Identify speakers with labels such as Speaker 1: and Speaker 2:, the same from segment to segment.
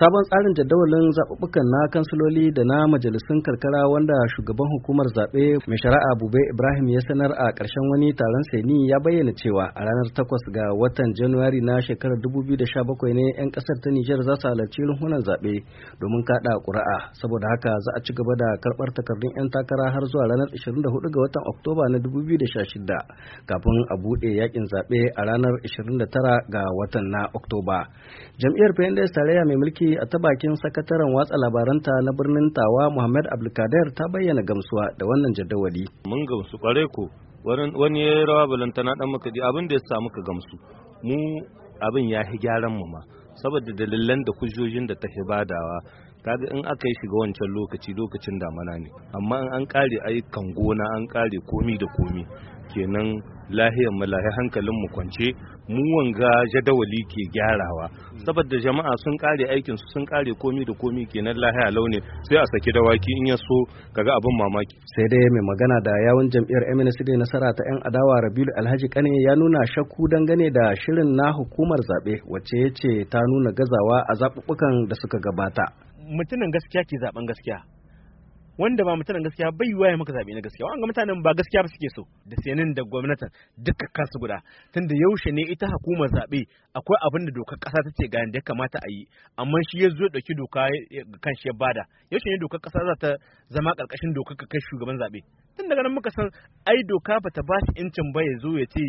Speaker 1: sabon tsarin jadawalin zaɓuɓɓukan na kansiloli da na majalisun karkara wanda shugaban hukumar zaɓe mai shari'a bube ibrahim ya sanar a ƙarshen wani taron saini ya bayyana cewa a ranar 8 ga watan januwari na shekarar 2017 ne 'yan ƙasar ta nijar za su halarci runhunan zaɓe domin kaɗa ƙuri'a saboda haka za a ci gaba da karɓar takardun 'yan takara har zuwa ranar 24 ga watan oktoba na 2016 kafin a buɗe yakin zaɓe a ranar 29 ga watan na oktoba jam'iyyar pnds tarayya mai mulki take a ta bakin sakataren watsa labaranta na birnin tawa muhammad abdulkader ta bayyana gamsuwa da wannan jadawali
Speaker 2: mun gamsu kware ko wani ya yi rawa balantana dan muka abin da ya samu ka gamsu mu abin ya hi gyaran mu ma saboda dalilan da kujojin da ta badawa kaga in aka yi shiga wancan lokaci lokacin damana ne amma in an kare ayyukan gona an kare komi da komi kenan lahiyar mu hankalin mu kwance mu wanga jadawali ke gyarawa hmm. saboda jama'a sun kare aikin su sun kare komi da komi kenan lahiya launi sai a saki dawaki in ya so kaga abin mamaki
Speaker 1: sai dai mai magana da yawun jam'iyyar da nasara ta yan adawa Rabiul Alhaji Kane ya nuna shakku dangane da shirin na hukumar zabe wacce yace ta nuna gazawa a zaɓuɓɓukan da suka gabata
Speaker 3: mutumin gaskiya ke zaben gaskiya wanda ba mutanen gaskiya bai yi waye maka zaɓe na gaskiya wanga mutanen ba gaskiya ba suke so da senin da gwamnatin duka kasu guda tunda yaushe ne ita hukumar zaɓe akwai abin da dokar ƙasa ta ce ga yanda ya kamata a yi amma shi ya zo ɗauki doka kan shi ya bada yaushe ne dokar ƙasa za ta zama ƙarƙashin dokar kai shugaban zaɓe tun daga nan muka san ai doka ba ta ba shi incin ba ya zo ya ce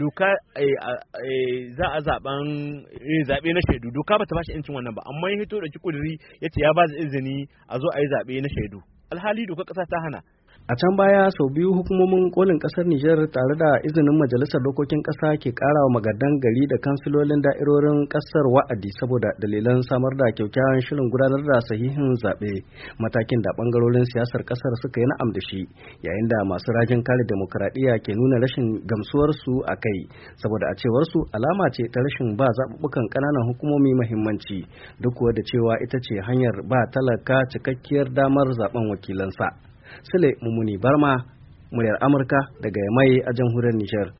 Speaker 3: doka eh, eh, za a zaɓen eh, zaɓe na shaidu doka ba ta ba shi incin wannan ba amma ya hito da ƙuduri ya ce ya ba izini a zo a yi zaɓe na shaidu alhali dokar ƙasa ta hana
Speaker 1: A can baya sau biyu hukumomin kolin kasar Nijar tare da izinin majalisar dokokin kasa ke kara wa magadan gari da kansilolin da'irorin kasar wa'adi saboda dalilan samar da kyaukyawan shirin gudanar da sahihin zaɓe matakin da bangarorin siyasar kasar suka yi na'am da shi yayin da masu rajin kare demokuraɗiyya ke nuna rashin gamsuwarsu a kai saboda a cewarsu alama ce ta rashin ba zaɓuɓɓukan ƙananan hukumomi mahimmanci duk kuwa da cewa ita ce hanyar ba talaka cikakkiyar damar zaɓen wakilansa. Sule Mumuni Barma, muryar Amurka daga mai a jamhuriyar Nijar.